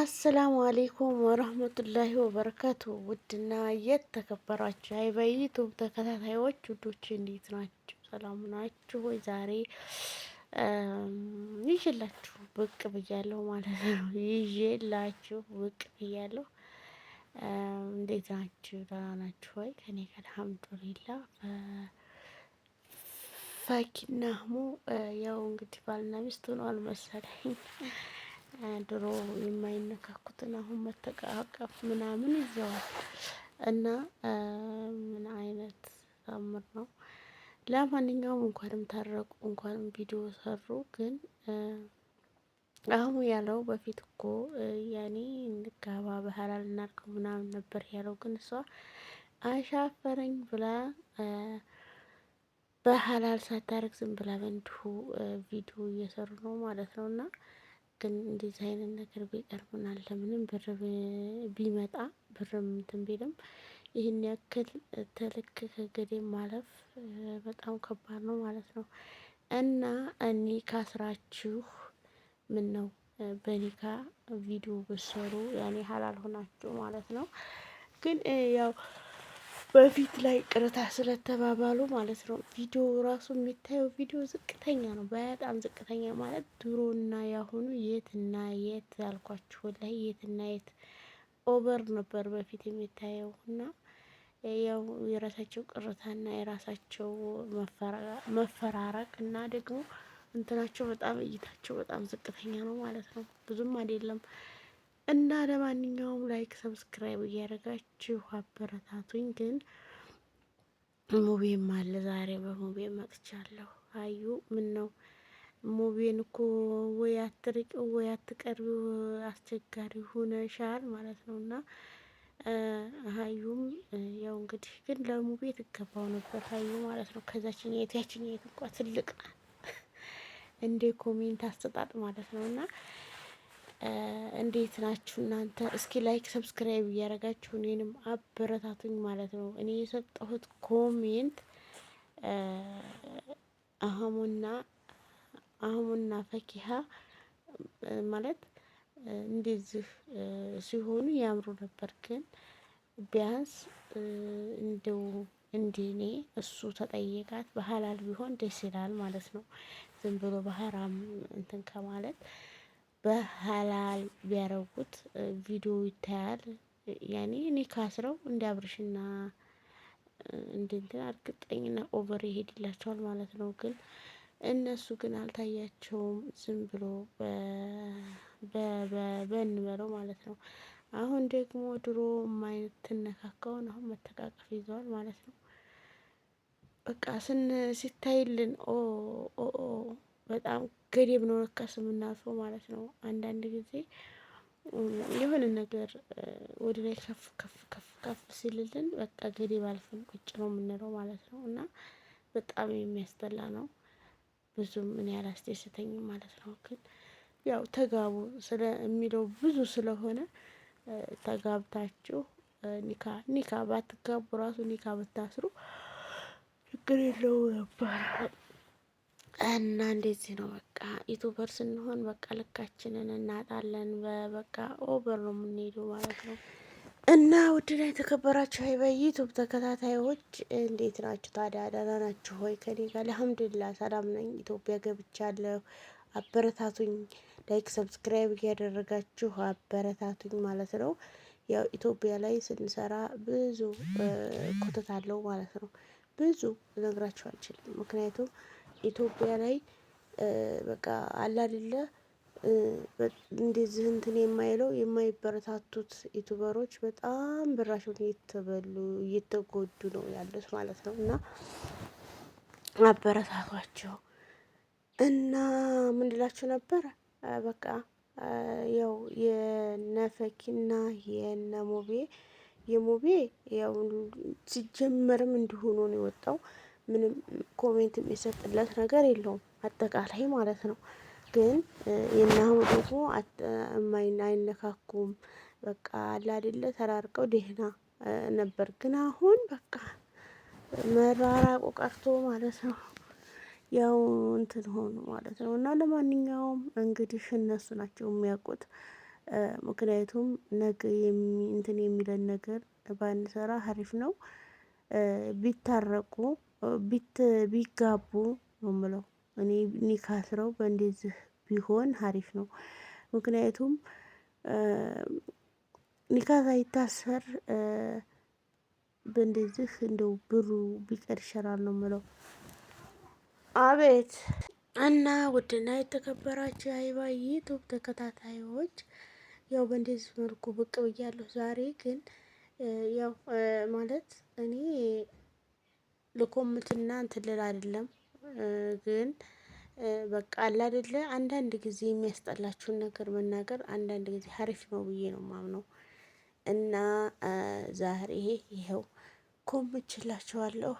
አሰላሙ አሌይኩም ወረህመቱላሂ ወበረካቱ። ውድና የተከበራችሁ የዩቱብ ተከታታዮች ውዶች እንዴት ናችሁ? ሰላም ናችሁ ወይ? ዛሬ ይዤላችሁ ብቅ ብያለሁ ማለት ነው። ይዤላችሁ ብቅ ብያለሁ። እንዴት ናችሁ? ደህና ናችሁ ወይ? ከኔ ጋር ፈኪና አህሙ ያው እንግዲህ ባልና ሚስት ሆነዋል መሰለኝ ድሮ የማይነካኩትን አሁን መተቃቀፍ ምናምን ይዘዋል እና ምን አይነት ታምር ነው። ለማንኛውም እንኳንም ታረቁ እንኳንም ቪዲዮ ሰሩ። ግን አሁን ያለው በፊት እኮ ያኔ እንጋባ ባህላል እናድርገው ምናምን ነበር ያለው። ግን እሷ አሻፈረኝ ብላ በሀላል ሳታረግ ዝም ብላ በእንዲሁ ቪዲዮ እየሰሩ ነው ማለት ነው እና ግን እንደዚህ አይነት ነገር ቢቀርብናል ለምንም ብር ቢመጣ ብርም እንትን ቢልም ይህን ያክል ተልክ ከገዴ ማለፍ በጣም ከባድ ነው ማለት ነው። እና እኔ ካስራችሁ ምን ነው በኒካ ቪዲዮ ብሰሩ ያኔ ሀላል ሆናችሁ ማለት ነው። ግን ያው በፊት ላይ ቅርታ ስለተባባሉ ማለት ነው። ቪዲዮ ራሱ የሚታየው ቪዲዮ ዝቅተኛ ነው፣ በጣም ዝቅተኛ ማለት ድሮና ያሁኑ የትና የት አልኳችሁ፣ ላይ የትና የት ኦቨር ነበር በፊት የሚታየው እና ያው የራሳቸው ቅርታና የራሳቸው መፈራረቅ እና ደግሞ እንትናቸው በጣም እይታቸው በጣም ዝቅተኛ ነው ማለት ነው። ብዙም አይደለም። እና ለማንኛውም ላይክ ሰብስክራይብ እያደረጋችሁ አበረታቱኝ። ግን ሙቤም አለ ዛሬ በሙቤ መጥቻለሁ። አዩ ምን ነው ሙቤን እኮ ወይ አትርቂው ወይ አትቀርቢው አስቸጋሪ ሆነሻል ማለት ነው እና አዩም ያው እንግዲህ ግን ለሙቤ ትገባው ነበር አዩ ማለት ነው። ከዛችን ከዛችኛየት የት እንኳ ትልቅ እንዴ ኮሜንት አሰጣጥ ማለት ነው እና እንዴት ናችሁ እናንተ? እስኪ ላይክ ሰብስክራይብ እያደረጋችሁ እኔንም አበረታቱኝ ማለት ነው። እኔ የሰጠሁት ኮሜንት አህሙና አህሙና ፈኪሀ ማለት እንደዚህ ሲሆኑ ያምሩ ነበር፣ ግን ቢያንስ እንደው እንዲኔ እሱ ተጠየቃት በሀላል ቢሆን ደስ ይላል ማለት ነው። ዝም ብሎ በሀራም እንትን ከማለት በሀላል ቢያረጉት ቪዲዮ ይታያል። ያኔ እኔ ካስረው እንደ አብርሽና እንደ እርግጠኝና ኦቨር ይሄድላቸዋል ማለት ነው። ግን እነሱ ግን አልታያቸውም። ዝም ብሎ በንበለው ማለት ነው። አሁን ደግሞ ድሮ ማይትነካካውን አሁን መተቃቀፍ ይዘዋል ማለት ነው። በቃ ስን ሲታይልን ኦ በጣም ገደብ ነው ለካ ስምናልፈው ማለት ነው። አንዳንድ ጊዜ የሆነ ነገር ወደ ላይ ከፍ ከፍ ከፍ ከፍ ሲልልን በቃ ገደብ አልፈን ቁጭ ነው የምንለው ማለት ነው። እና በጣም የሚያስጠላ ነው። ብዙም እኔ አላስደሰተኝም ማለት ነው። ግን ያው ተጋቡ ስለ የሚለው ብዙ ስለሆነ ተጋብታችሁ ኒካ ኒካ ባትጋቡ ራሱ ኒካ ብታስሩ ችግር የለው ነበር። እና እንደዚህ ነው በቃ ዩቱበር ስንሆን በቃ ልካችንን እናጣለን። በበቃ ኦቨር ነው የምንሄደው ማለት ነው። እና ውድና የተከበራችሁ ሀይ በዩቱብ ተከታታዮች እንዴት ናችሁ? ታዲያ ደህና ናችሁ ሆይ? ከኔ ጋር አልሐምዱሊላህ ሰላም ነኝ። ኢትዮጵያ ገብቻለሁ። አበረታቱኝ። ላይክ ሰብስክራይብ እያደረጋችሁ አበረታቱኝ ማለት ነው። ያው ኢትዮጵያ ላይ ስንሰራ ብዙ ኮተት አለው ማለት ነው። ብዙ እነግራችሁ አልችልም ምክንያቱም ኢትዮጵያ ላይ በቃ አለ አይደለ እንደዚህ እንትን የማይለው የማይበረታቱት ዩቱበሮች በጣም ብራቸውን እየተበሉ እየተጎዱ ነው ያሉት ማለት ነው። እና አበረታቷቸው እና ምንድላቸው ልላችሁ ነበረ በቃ ያው የነፈኪና የነሞቤ የሞቤ ያው ሲጀመርም እንዲሆኑ ነው የወጣው ምንም ኮሜንት የሚሰጥለት ነገር የለውም አጠቃላይ ማለት ነው። ግን የናሁ ደግሞ አይነካኩም። በቃ አላደለ ተራርቀው ደህና ነበር። ግን አሁን በቃ መራራቁ ቀርቶ ማለት ነው ያው እንትን ሆኑ ማለት ነው። እና ለማንኛውም እንግዲህ እነሱ ናቸው የሚያውቁት። ምክንያቱም ነገ እንትን የሚለን ነገር ባንሰራ ሀሪፍ ነው ቢታረቁ ቢጋቡ ነው ምለው እኔ ኒካ አስረው በእንደዚህ ቢሆን ሀሪፍ ነው። ምክንያቱም ኒካ ሳይታሰር በእንደዚህ እንደው ብሩ ቢቀር ይሸራል ነው ምለው። አቤት እና ውድና የተከበራችሁ አይባይ ዩቱብ ተከታታዮች ያው በእንደዚህ መልኩ ብቅ ብያለሁ። ዛሬ ግን ያው ማለት እኔ ልኮምትና እንትልል አይደለም ግን በቃ አለ አይደለ አንዳንድ ጊዜ የሚያስጠላችሁን ነገር መናገር አንዳንድ ጊዜ ሀሪፍ ነው ብዬ ነው ማምነው። እና ዛሬ ይኸው ኮምችላችኋለሁ።